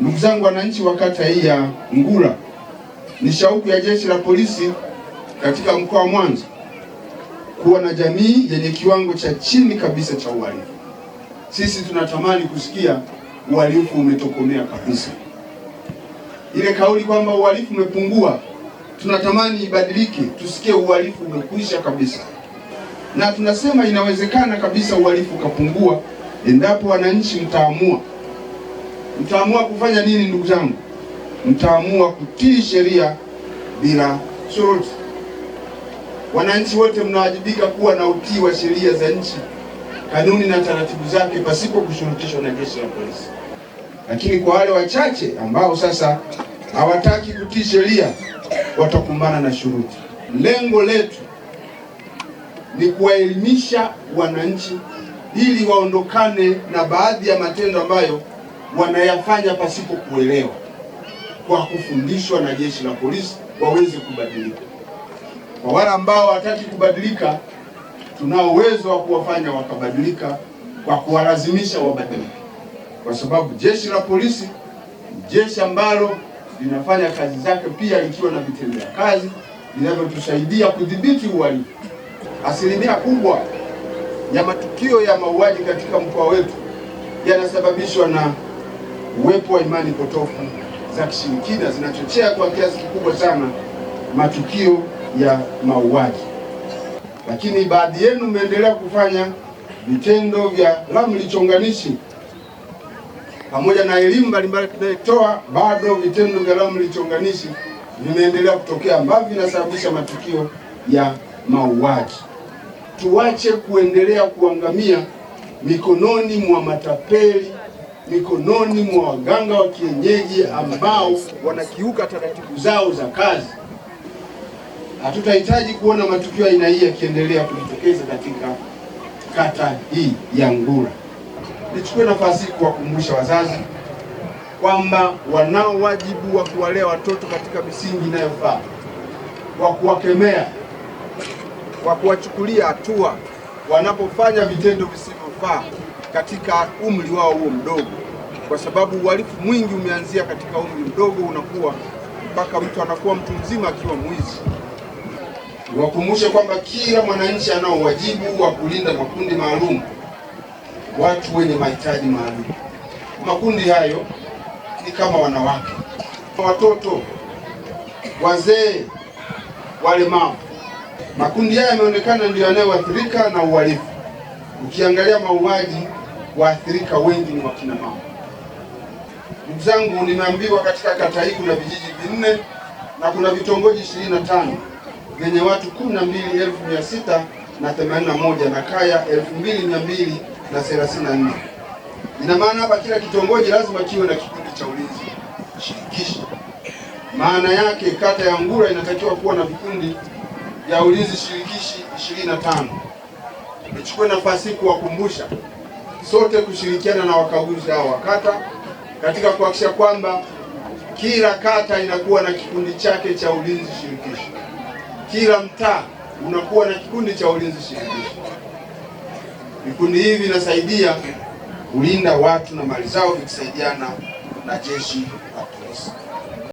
Ndugu zangu wananchi wa kata hii ya Ngula, ni shauku ya jeshi la polisi katika mkoa wa Mwanza kuwa na jamii yenye kiwango cha chini kabisa cha uhalifu. Sisi tunatamani kusikia uhalifu umetokomea kabisa. Ile kauli kwamba uhalifu umepungua, tunatamani ibadilike, tusikie uhalifu umekwisha kabisa. Na tunasema inawezekana kabisa uhalifu ukapungua endapo wananchi mtaamua mtaamua kufanya nini? Ndugu zangu, mtaamua kutii sheria bila shuruti. Wananchi wote mnawajibika kuwa na utii wa sheria za nchi, kanuni na taratibu zake, pasipo kushurutishwa na jeshi la polisi. Lakini kwa wale wachache ambao sasa hawataki kutii sheria, watakumbana na shuruti. Lengo letu ni kuwaelimisha wananchi ili waondokane na baadhi ya matendo ambayo wanayafanya pasipo kuelewa, kwa kufundishwa na jeshi la polisi waweze kubadilika. Kwa wale ambao hawataki kubadilika, tunao uwezo wa kuwafanya wakabadilika kwa kuwalazimisha wabadilike, kwa sababu jeshi la polisi jeshi ambalo linafanya kazi zake pia likiwa na vitendea kazi vinavyotusaidia kudhibiti uhalifu. Asilimia kubwa ya matukio ya mauaji katika mkoa wetu yanasababishwa na Uwepo wa imani potofu za kishirikina zinachochea kwa kiasi kikubwa sana matukio ya mauaji. Lakini baadhi yenu mmeendelea kufanya vitendo vya ramli chonganishi pamoja na elimu mbalimbali tunayotoa, bado vitendo vya ramli chonganishi vimeendelea kutokea ambavyo vinasababisha matukio ya mauaji. Tuache kuendelea kuangamia mikononi mwa matapeli mikononi mwa waganga wa kienyeji ambao wanakiuka taratibu zao za kazi. Hatutahitaji kuona matukio aina hii yakiendelea kujitokeza katika kata hii ya ngura Nichukue nafasi kuwakumbusha wazazi kwamba wanao wajibu wa kuwalea watoto katika misingi inayofaa, kwa kuwakemea, wa kuwachukulia hatua wanapofanya vitendo visivyofaa katika umri wao huo mdogo kwa sababu uhalifu mwingi umeanzia katika umri mdogo, unakuwa mpaka mtu anakuwa mtu mzima akiwa mwizi. Niwakumbushe kwamba kila mwananchi anao wajibu wa kulinda makundi maalum, watu wenye mahitaji maalum. Makundi hayo ni kama wanawake, watoto, wazee, walemavu. Makundi haya yameonekana ndio yanayoathirika na uhalifu. Ukiangalia mauaji, waathirika wengi ni wakina mama. Ndugu zangu, nimeambiwa katika kata hii kuna vijiji vinne na kuna vitongoji 25 vyenye watu 12681 na na kaya 2234. na Ina maana hapa kila kitongoji lazima kiwe na kikundi cha ulinzi shirikishi. Maana yake kata ya ngura inatakiwa kuwa na vikundi vya ulinzi shirikishi 25. Nichukue nafasi kuwakumbusha sote kushirikiana na wakaguzi hao wa kata katika kuhakikisha kwamba kila kata inakuwa na kikundi chake cha ulinzi shirikishi, kila mtaa unakuwa na kikundi cha ulinzi shirikishi. Vikundi hivi vinasaidia kulinda watu na mali zao vikisaidiana na jeshi la polisi.